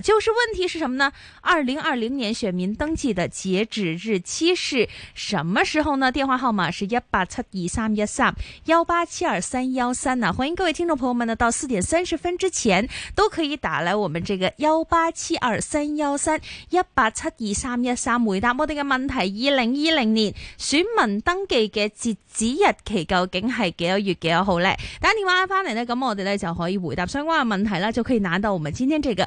啊、就是問題是什麼呢？二零二零年選民登記的截止日期是什麼時候呢？電話號碼是幺八七二三幺三幺八七二三幺三啊，歡迎各位聽眾朋友們呢，到四點三十分之前都可以打來我們這個幺八七二三幺三幺八七二三幺三，回答我哋嘅問題：二零二零年選民登記嘅截止日期究竟係幾多月幾多號咧？打電話翻嚟呢，咁我哋咧就可以回答相關嘅問題啦，就可以拿到我們今天這個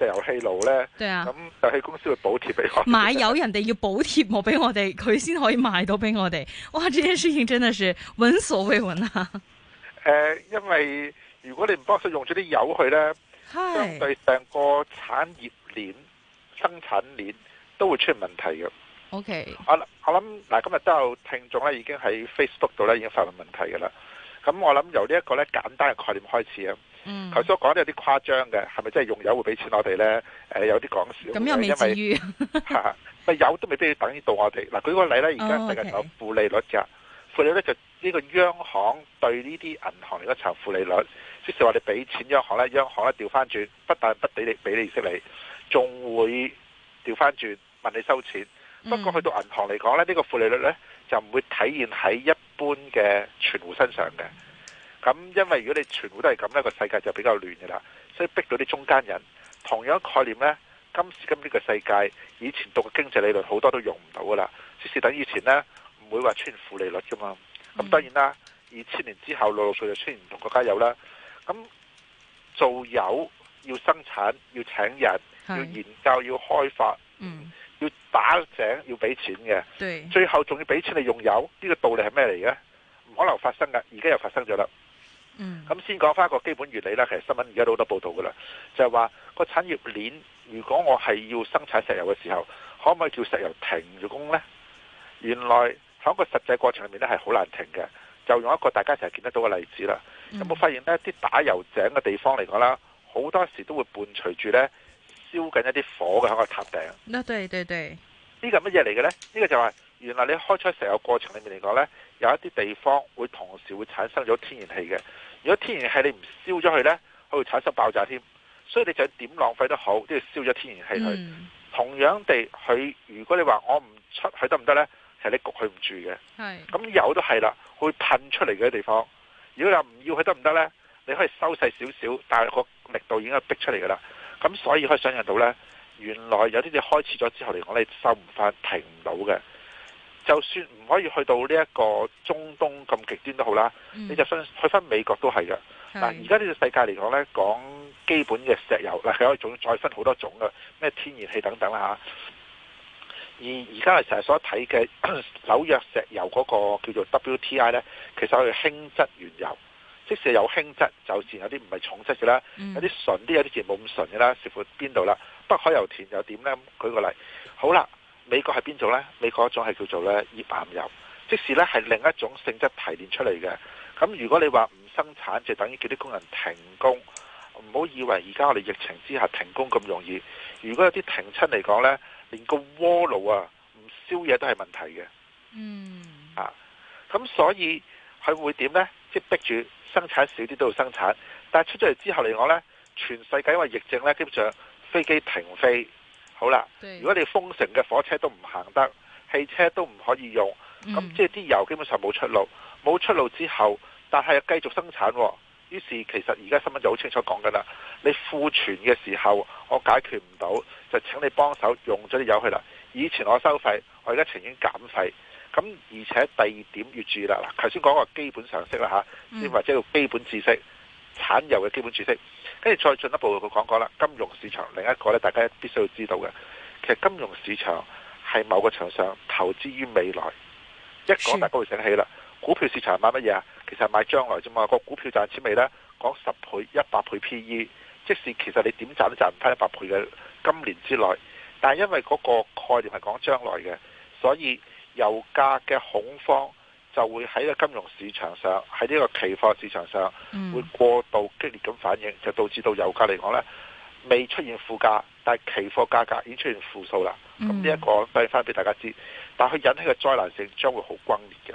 石油氣爐咧，咁石油公司會補貼俾我買油，人哋要補貼我俾我哋，佢先可以賣到俾我哋。哇！呢啲事情真係是聞所未聞啊！誒、呃，因為如果你唔幫手用咗啲油去咧， 相對成個產業鏈、生產鏈都會出問題嘅。OK，好啦，我諗嗱，今日都有聽眾咧，已經喺 Facebook 度咧已經發問問題嘅啦。咁我諗由呢一個咧簡單嘅概念開始啊。頭先、嗯、我講有啲誇張嘅，係咪真係用油會俾錢我哋咧？誒、呃，有啲講笑。咁又未至於，有都未必要等於到我哋。嗱、啊，舉個例咧，而家世界有負利率噶，負、哦 okay、利率就呢個央行對呢啲銀行嚟一層負利率，即、就是話你俾錢央行咧，央行咧調翻轉，不但不俾你俾利息你，仲會調翻轉問你收錢。不過去到銀行嚟講咧，呢、這個負利率咧就唔會體現喺一般嘅存戶身上嘅。咁因為如果你全部都係咁，呢個世界就比較亂嘅啦，所以逼到啲中間人同樣概念呢，今時今呢個世界，以前讀嘅經濟理論好多都用唔到噶啦。即使等於以前呢唔會話出現負利率噶嘛。咁當然啦，二千年之後陸陸續續就出現唔同國家有啦。咁做油要生產，要請人，是要研究，要開發，嗯、要打井，要俾錢嘅。對最後仲要俾錢嚟用油，呢、這個道理係咩嚟嘅？唔可能發生噶，而家又發生咗啦。咁、嗯、先講翻一個基本原理啦。其實新聞而家都好多報道噶啦，就係話個產業鏈，如果我係要生產石油嘅時候，可唔可以叫石油停咗工呢？原來喺個實際過程裏面咧，係好難停嘅。就用一個大家成日見得到嘅例子啦。有冇、嗯、發現咧？啲打油井嘅地方嚟講啦，好多時都會伴隨住呢，燒緊一啲火嘅喺個塔頂。那對對對，呢個乜嘢嚟嘅呢？呢、呢個就係原來你開出石油過程裏面嚟講呢，有一啲地方會同時會產生咗天然氣嘅。如果天然氣你唔燒咗佢呢，佢會產生爆炸添。所以你就點浪費都好都要燒咗天然氣佢。Mm. 同樣地，佢如果你話我唔出去得唔得咧？係、就是、你焗佢唔住嘅。咁、mm. 嗯、油都係啦，會噴出嚟嘅地方。如果你唔要佢得唔得呢？你可以收細少少，但係個力度已經係逼出嚟噶啦。咁、嗯、所以可以想象到呢，原來有啲嘢開始咗之後嚟講，你收唔翻，停唔到嘅。就算唔可以去到呢一個中東咁極端都好啦，嗯、你就翻去翻美國都係嘅。嗱是，而家呢個世界嚟講呢，講基本嘅石油，嗱，佢可以仲再分好多種嘅，咩天然氣等等啦、啊、嚇。而而家係成日所睇嘅紐約石油嗰個叫做 WTI 呢，其實係輕質原油，即使有輕質，就算有啲唔係重質嘅啦，有啲純啲，有啲自然冇咁純嘅啦，視乎邊度啦。北海油田又點呢？舉個例，好啦。美國係邊度呢？美國一種係叫做呢頁岩油，即使呢係另一種性質提煉出嚟嘅。咁如果你話唔生產，就等於叫啲工人停工。唔好以為而家我哋疫情之下停工咁容易。如果有啲停親嚟講呢，連個鍋爐啊，唔燒嘢都係問題嘅。嗯，啊，咁所以佢會點呢？即係逼住生產少啲都要生產，但係出咗嚟之後嚟講呢，全世界因為疫症呢，基本上飛機停飛。好啦，如果你封城嘅火車都唔行得，汽車都唔可以用，咁即係啲油基本上冇出路。冇出路之後，但係繼續生產，哦，於是其實而家新聞就好清楚講緊啦。你庫存嘅時候，我解決唔到，就請你幫手用咗啲油去啦。以前我收費，我而家情願減費。咁而且第二點要注意啦。嗱，頭先講個基本常識啦吓，先或者叫基本知識，產油嘅基本知識。跟住再進一步，佢講過啦，金融市場另一個呢，大家必須要知道嘅，其實金融市場係某個場上投資於未來。是一講大家會醒起啦，股票市場買乜嘢啊？其實係買將來啫嘛，個股票賺錢未呢？講十倍、一百倍 PE，即使其實你點賺都賺唔翻一百倍嘅今年之內，但係因為嗰個概念係講將來嘅，所以油價嘅恐慌，就會喺個金融市場上，喺呢個期貨市場上，會過度激烈咁反應，就導致到油價嚟講呢，未出現負價，但係期貨價格已經出現負數啦。咁呢一個帶翻俾大家知，但係佢引起嘅災難性將會好轟烈嘅。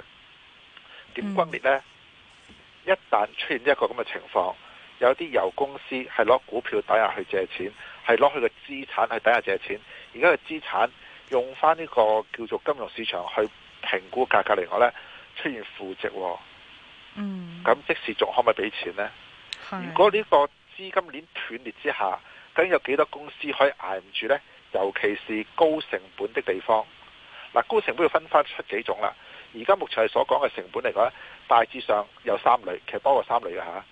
點轟烈呢？嗯、一旦出現一個咁嘅情況，有啲油公司係攞股票抵押去借錢，係攞佢嘅資產去抵押借錢。而家嘅資產用翻呢個叫做金融市場去評估價格嚟講呢。出現負值、哦，咁、嗯、即時仲可唔可以俾錢呢？的如果呢個資金鏈斷裂之下，究竟有幾多公司可以挨唔住呢？尤其是高成本的地方，嗱，高成本要分翻出幾種啦。而家目前係所講嘅成本嚟講，大致上有三類，其實包括三類嘅吓，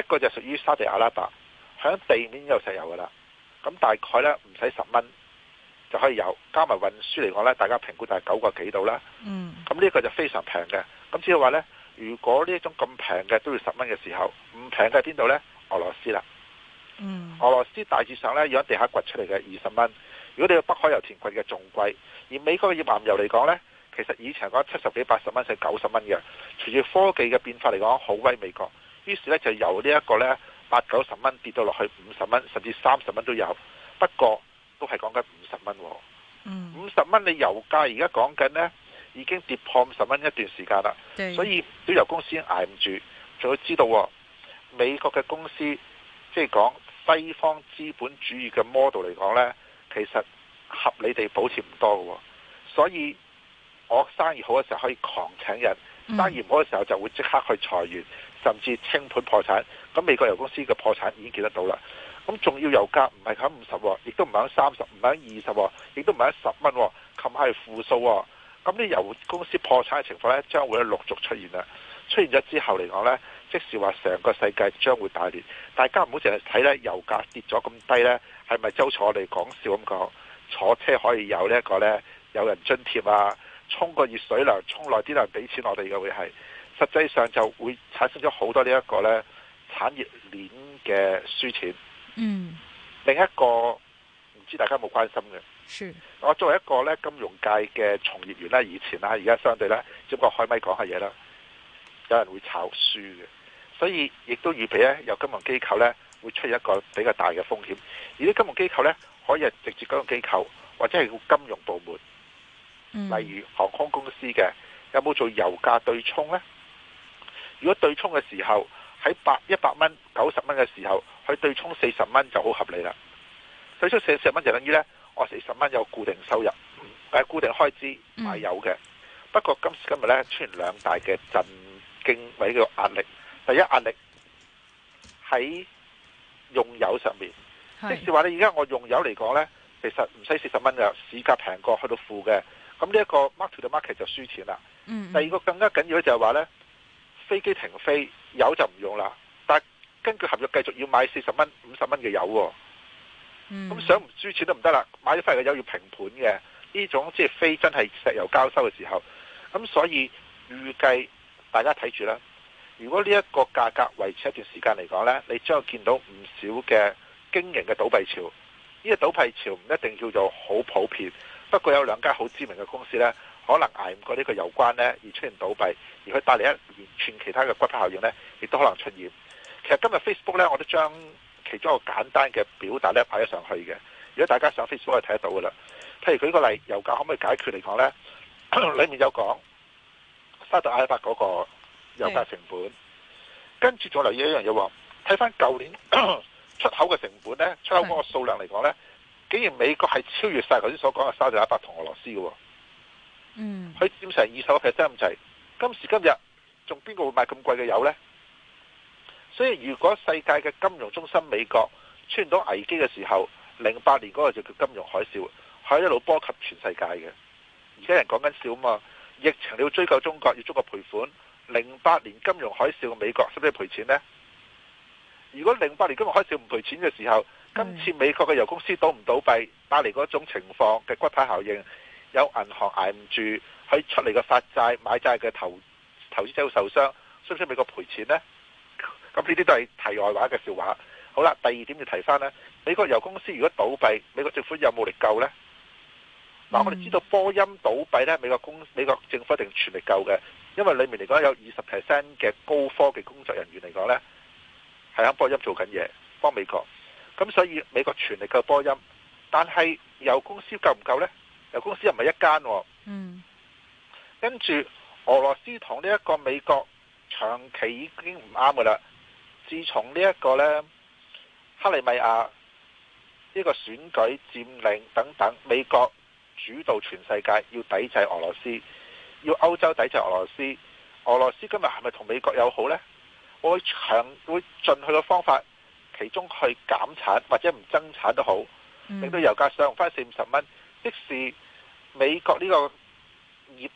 一個就屬於沙地阿拉伯，響地面有石油噶啦，咁大概呢，唔使十蚊。就可以有加埋運輸嚟講呢，大家評估就係九個幾度啦。嗯，咁呢個個就非常平嘅。咁只要話呢，如果呢一種咁平嘅都要十蚊嘅時候，唔平嘅喺邊度呢？俄羅斯啦。嗯、俄羅斯大致上呢，要喺地下掘出嚟嘅二十蚊。如果你要北海油田掘嘅仲貴。而美國嘅頁岩油嚟講呢，其實以前嗰七十幾八十蚊，成九十蚊嘅。隨住科技嘅變化嚟講，好威美國。於是呢，就由呢一個呢，八九十蚊跌到落去五十蚊，甚至三十蚊都有。不過。都係講緊五十蚊，五十蚊你油價而家講緊呢，已經跌破五十蚊一段時間啦。對所以，石油公司挨唔住，仲要知道、哦、美國嘅公司，即係講西方資本主義嘅 model 嚟講呢，其實合理地保持唔多嘅、哦。所以，我生意好嘅時候可以狂請人，嗯、生意唔好嘅時候就會即刻去裁員，甚至清盤破產。咁美國油公司嘅破產已經見得到啦。咁仲要油價唔係響五十喎，亦都唔響三十，唔響二十喎，亦都唔響十蚊喎。琴日係負數喎、哦，咁啲油公司破產嘅情況呢，將會陸續出現啦。出現咗之後嚟講呢，即使話成個世界將會大亂，大家唔好成日睇呢油價跌咗咁低呢，係咪周坐我哋講笑咁講？坐車可以有呢一個呢，有人津貼啊，沖個熱水涼，沖耐啲又俾錢我哋嘅會係。實際上就會產生咗好多呢一個呢產業鏈嘅輸錢。嗯，另一個唔知大家有冇關心嘅，是我作為一個咧金融界嘅從業員咧、啊，以前啦、啊，而家相對咧，只不過開咪講下嘢啦。有人會炒輸嘅，所以亦都預備咧，有金融機構咧會出現一個比較大嘅風險。而啲金融機構咧可以係直接金融機構或者係個金融部門，嗯、例如航空公司嘅有冇做油價對沖咧？如果對沖嘅時候喺百一百蚊、九十蚊嘅時候。在100元90元的時候佢對沖四十蚊就好合理啦，對沖四十蚊就等於呢，我四十蚊有固定收入，但係、嗯、固定開支唔係有嘅。的嗯、不過今時今日呢出現兩大嘅震驚或者叫壓力，第一壓力喺用油上面，是即使話呢而家我用油嚟講呢，其實唔使四十蚊就市價平過去到負嘅，咁呢一個 market to market 就輸錢啦。嗯、第二個更加緊要嘅就係話呢，飛機停飛，油就唔用啦。根據合約繼續要買四十蚊、五十蚊嘅油，喔，咁想唔輸錢都唔得啦。買咗翻嚟嘅油要平盤嘅，呢種即係非真係石油交收嘅時候。咁所以預計大家睇住啦。如果呢一個價格維持一段時間嚟講呢，你將見到唔少嘅經營嘅倒閉潮。呢個倒閉潮唔一定叫做好普遍，不過有兩家好知名嘅公司呢，可能挨唔過呢個油關呢，而出現倒閉，而佢帶嚟一連串其他嘅骨牌效應呢，亦都可能出現。其實今日 Facebook 咧，我都將其中一個簡單嘅表達咧擺咗上去嘅。如果大家上 Facebook 可以睇得到噶啦。譬如舉個例，油價可唔可以解決嚟講咧？裏面有講沙特阿拉伯嗰個油價成本，是跟住仲留意一樣嘢。睇翻舊年出口嘅成本咧，出口嗰個數量嚟講咧，是竟然美國係超越曬頭先所講嘅沙特阿拉伯同俄羅斯嘅。嗯。佢佔成二手 percent 咁滯，今時今日仲邊個會買咁貴嘅油咧？所以如果世界嘅金融中心美國出現到危機嘅時候，零八年嗰個就叫金融海嘯，係一路波及全世界嘅。而家人講緊笑啊嘛。疫情你要追究中國要中國賠款。零八年金融海嘯美國使唔使賠錢咧？如果零八年金融海嘯唔賠錢嘅時候，今次美國嘅油公司倒唔倒閉，帶嚟嗰種情況嘅骨牌效應，有銀行挨唔住，喺出嚟嘅發債買債嘅投投資者會受傷，需唔需要美國賠錢咧？咁呢啲都係題外話嘅笑話。好啦，第二點要提翻呢：美國油公司如果倒閉，美國政府有冇力救呢？嗱、嗯啊，我哋知道波音倒閉呢，美國公、美國政府一定全力救嘅，因為裏面嚟講有二十 percent 嘅高科技工作人員嚟講呢，係喺波音做緊嘢幫美國。咁所以美國全力救波音，但係油公司夠唔夠呢？油公司又唔係一間、哦。嗯。跟住俄羅斯同呢一個美國長期已經唔啱嘅啦。自從呢一個咧，克里米亞呢個選舉佔領等等，美國主導全世界要抵制俄羅斯，要歐洲抵制俄羅斯。俄羅斯今日係咪同美國友好呢？我會強會盡佢個方法，其中去減產或者唔增產都好，令到油價上翻四五十蚊。即使美國呢個業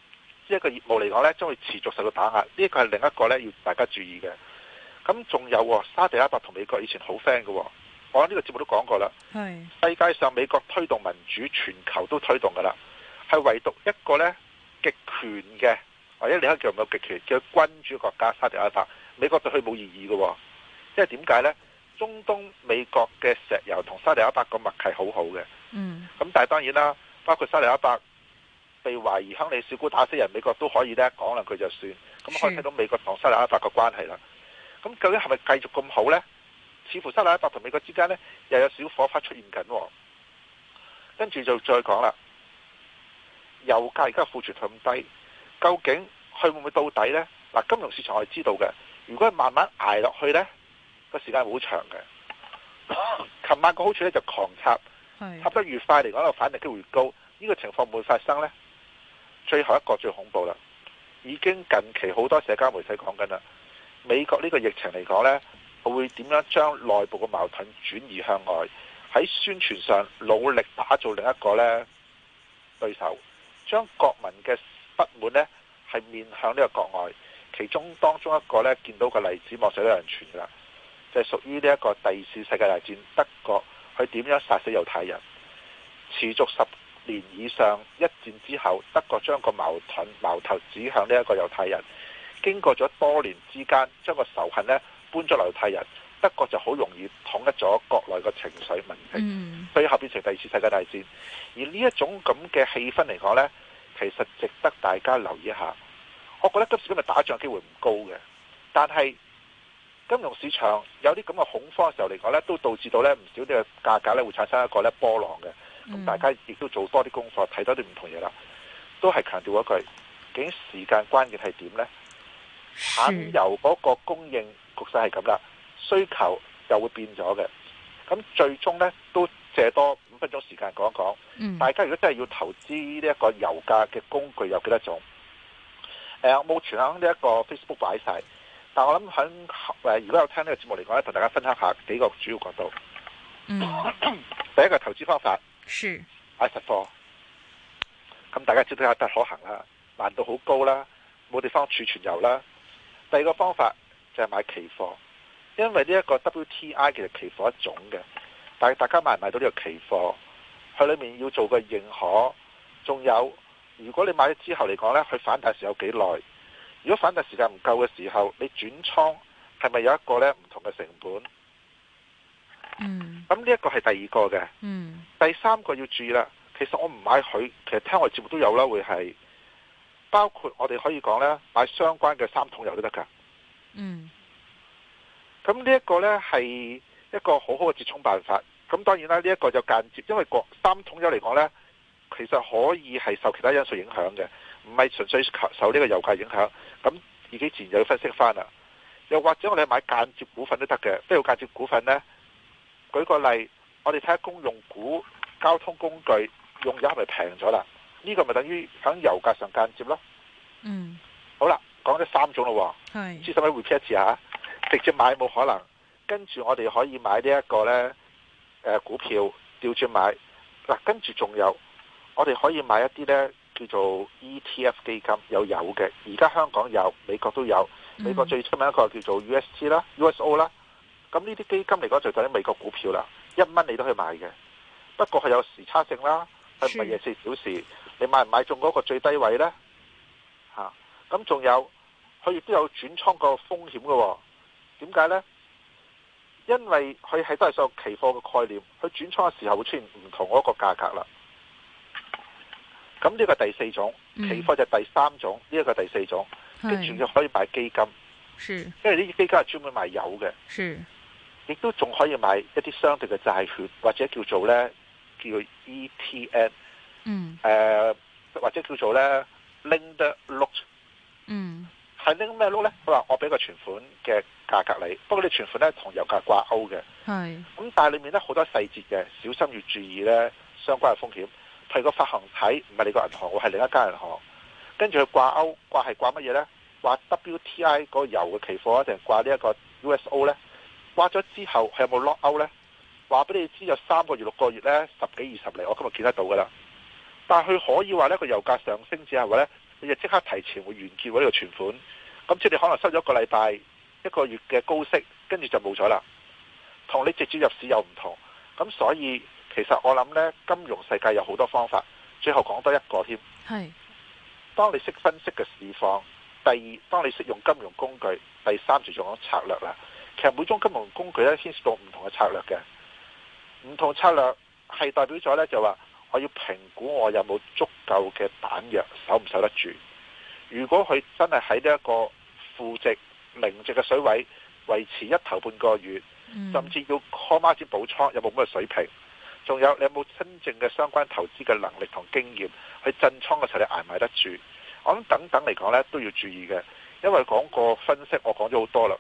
一個業務嚟講呢，將會持續受到打壓。呢個係另一個呢，要大家注意嘅。咁仲有、哦、沙地阿拉伯同美國以前好 friend 嘅、哦，我呢個節目都講過啦。是世界上美國推動民主，全球都推動噶啦，係唯獨一個呢極權嘅，或者李克強冇極權嘅君主國家沙地阿拉伯，美國對佢冇異議嘅。因為點解呢？中東美國嘅石油同沙地阿拉伯個默契好好嘅。嗯。咁但係當然啦，包括沙地阿拉伯被懷疑亨利小姑打死人，美國都可以呢講兩句就算。咁可以睇到美國同沙地阿拉伯嘅關係啦。咁究竟係咪繼續咁好呢？似乎沙地阿拉伯同美國之間呢，又有小火花出現緊喎、啊。跟住就再講啦。油價而家庫存咁低，究竟佢會唔會到底呢？嗱，金融市場是我係知道嘅。如果係慢慢捱落去呢，個時間係好長嘅。琴晚個好處呢，就狂插，插得越快嚟講，個反彈機會越高。呢、呢個情況會發生呢？最後一個最恐怖啦，已經近期好多社交媒體講緊啦。美國呢個疫情嚟講呢，會點樣將內部嘅矛盾轉移向外？喺宣傳上努力打造另一個呢對手，將國民嘅不滿呢係面向呢個國外。其中當中一個呢見到個例子，莫使有人傳噶啦，就係屬於呢一個第二次世界大戰德國佢點樣殺死猶太人？持續十年以上一戰之後，德國將個矛盾矛頭指向呢一個猶太人。經過咗多年之間，將個仇恨呢搬咗嚟猶太人，德國就好容易統一咗國內個情緒問題、mm. 所以後變成第二次世界大戰。而呢一種咁嘅氣氛嚟講呢，其實值得大家留意一下。我覺得今時今日打仗機會唔高嘅，但係金融市場有啲咁嘅恐慌嘅時候嚟講呢都導致到呢唔少啲嘅價格呢會產生一個波浪嘅。咁大家亦都做多啲功課，睇多啲唔同嘢啦。都係強調一句，究竟時間關鍵係點呢？產油嗰個供應局勢係咁啦，需求就會變咗嘅。咁最終呢，都借多五分鐘時間講一講。嗯、大家如果真係要投資呢一個油價嘅工具，有幾多種？誒、呃，我冇全喺呢一個 Facebook 擺晒。但我諗喺誒，如果有聽呢個節目嚟講咧，同大家分享下幾個主要角度。嗯、第一個投資方法係實貨。咁大家知道冇得可行啦，難度好高啦，冇地方儲存油啦。第二個方法就係買期貨，因為呢一個 WTI 其實期貨一種嘅，但係大家買唔買到呢個期貨？佢裏面要做嘅認可，仲有如果你買咗之後嚟講呢，佢反彈時有幾耐？如果反彈時間唔夠嘅時候，你轉倉係咪有一個呢唔同嘅成本？嗯。咁呢一個係第二個嘅。嗯。第三個要注意啦，其實我唔買佢，其實聽我節目都有啦，會係。包括我哋可以講呢，買相關嘅三桶油都得噶。嗯。咁呢一個呢，係一個好好嘅折衷辦法。咁當然啦，呢、這、一個就間接，因為國三桶油嚟講呢，其實可以係受其他因素影響嘅，唔係純粹受呢個油價影響。咁自己自然就要分析翻啦。又或者我哋買間接股份都得嘅，呢個間接股份呢，舉個例，我哋睇下公用股、交通工具用油係咪平咗啦？呢個咪等於喺油價上間接咯。嗯，好啦，講咗三種咯，啊，係是，唔知使唔使 repeat 一次吓，直接買冇可能，跟住我哋可以買呢一個咧，誒，股票調轉買，嗱，跟住仲有，我哋可以買一啲咧叫做 ETF 基金，有有嘅，而家香港有，美國都有，美國最出名一個叫做 USG 啦，USO 啦，咁呢啲基金嚟講就就喺美國股票啦，一蚊你都可以買嘅，不過係有時差性啦，係唔係廿四小時。你買唔買中嗰個最低位呢？吓、啊，咁仲有佢亦都有轉倉個風險喎、哦。點解呢？因為佢係都係有期貨嘅概念，佢轉倉嘅時候會出現唔同嗰個價格啦。咁呢個第四種期貨就第三種，呢一、嗯、個第四種，跟住就可以買基金，是因為呢啲基金係專門賣油嘅，亦是都仲可以買一啲相對嘅債券或者叫做呢，叫 ETN。嗯，誒、呃，或者叫做咧，拎啲碌嗯，係拎咩碌咧？佢話我俾個存款嘅價格你，不過你存款咧同油價掛鈎嘅，係是，咁但係裏面咧好多細節嘅，小心要注意咧相關嘅風險。譬如個發行體唔係你個銀行，我係另一間銀行，跟住佢掛鈎掛係掛乜嘢咧？掛 WTI 嗰油嘅期貨定係掛呢一個 USO 咧？掛咗之後佢有冇 lock out 咧？話俾你知有三個月、六個月咧，十幾、二十嚟，我今日見得到噶啦。但係佢可以話呢個油價上升之後呢你就即刻提前會完結咗呢個存款。咁即係你可能收咗一個禮拜、一個月嘅高息，跟住就冇咗啦。同你直接入市又唔同。咁所以其實我諗呢，金融世界有好多方法，最後講多一個添。係是。當你識分析嘅市況，第二，當你識用金融工具，第三就用咗策略啦。其實每種金融工具咧，牽涉到唔同嘅策略嘅。唔同策略係代表咗呢就話。我要評估我有冇足夠嘅彈藥守唔守得住？如果佢真係喺呢一個負值、零值嘅水位維持一頭半個月，甚至要開孖展補倉，有冇咁嘅水平？仲有你有冇真正嘅相關投資嘅能力同經驗？喺震倉嘅時候，你捱埋得住？我諗等等嚟講呢，都要注意嘅，因為講個分析我講咗好多啦。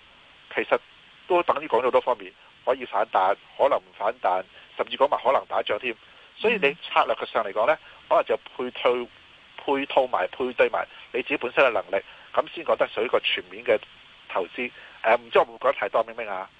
其實都等於講咗好多方面，可以反彈，可能唔反彈，甚至講埋可能打仗添。所以你策略上嚟講呢，可能就配套配套埋配對埋你自己本身嘅能力，咁先覺得屬於一個全面嘅投資。誒、嗯，唔知我會唔會講得太多，明明啊？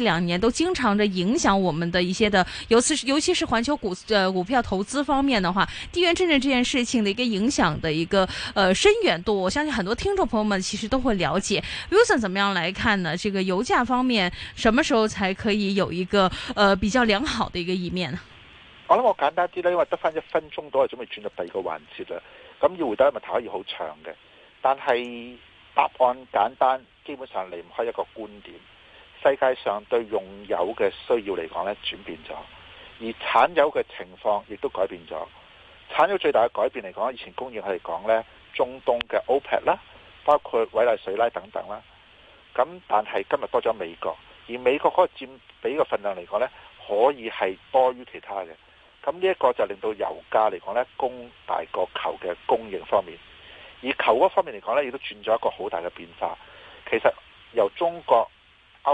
呢兩年都經常的影響我們的一些的，尤其是尤其是環球股呃，股票投資方面的話，地緣政治這件事情的一個影響的一個呃深遠度，我相信很多聽眾朋友們其實都會了解。Wilson、嗯、怎麼樣來看呢？這個油價方面什麼時候才可以有一個呃比較良好的一個一面呢？我諗我簡單啲咧，因為得翻一分鐘都係準備轉入第二個環節啦。咁要回答嘅問題可以好長嘅，但係答案簡單，基本上離唔開一個觀點。世界上對用油嘅需要嚟講呢轉變咗；而產油嘅情況亦都改變咗。產油最大嘅改變嚟講，以前供應佢嚟講呢，中東嘅 OPEC 啦，包括委內瑞拉等等啦。咁但係今日多咗美國，而美國嗰個佔比嘅份量嚟講呢可以係多於其他嘅。咁呢一個就令到油價嚟講呢供大過求嘅供應方面；而求嗰方面嚟講呢亦都轉咗一個好大嘅變化。其實由中國、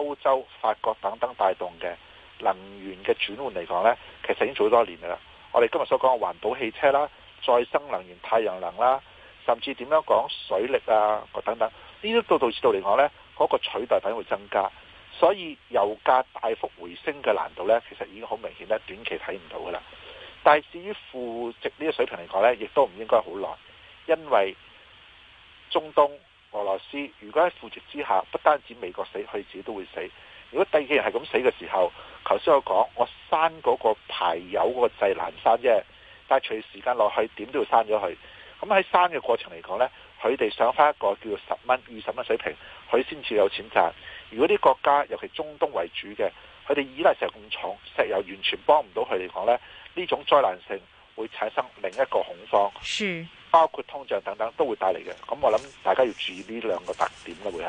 歐洲、法國等等帶動嘅能源嘅轉換嚟講呢，其實已經做咗多年啦。我哋今日所講嘅環保汽車啦、再生能源、太陽能啦，甚至點樣講水力啊等等，呢啲導致度嚟講呢，嗰個取代品會增加，所以油價大幅回升嘅難度呢，其實已經好明顯呢，短期睇唔到噶啦。但係至於負值呢個水平嚟講呢，亦都唔應該好耐，因為中東。俄羅斯如果喺負值之下，不單止美國死，佢自己都會死。如果第二個人係咁死嘅時候，頭先我講，我刪嗰個排油嗰個製難刪啫，但係隨時間落去，點都要刪咗佢。咁喺刪嘅過程嚟講呢，佢哋上翻一個叫做十蚊、二十蚊水平，佢先至有錢賺。如果啲國家尤其中東為主嘅，佢哋依賴石油礦廠石油，完全幫唔到佢哋嚟講呢，呢種災難性會產生另一個恐慌。是。包括通脹等等都會帶嚟嘅，咁我諗大家要注意呢兩個特點咯，會係。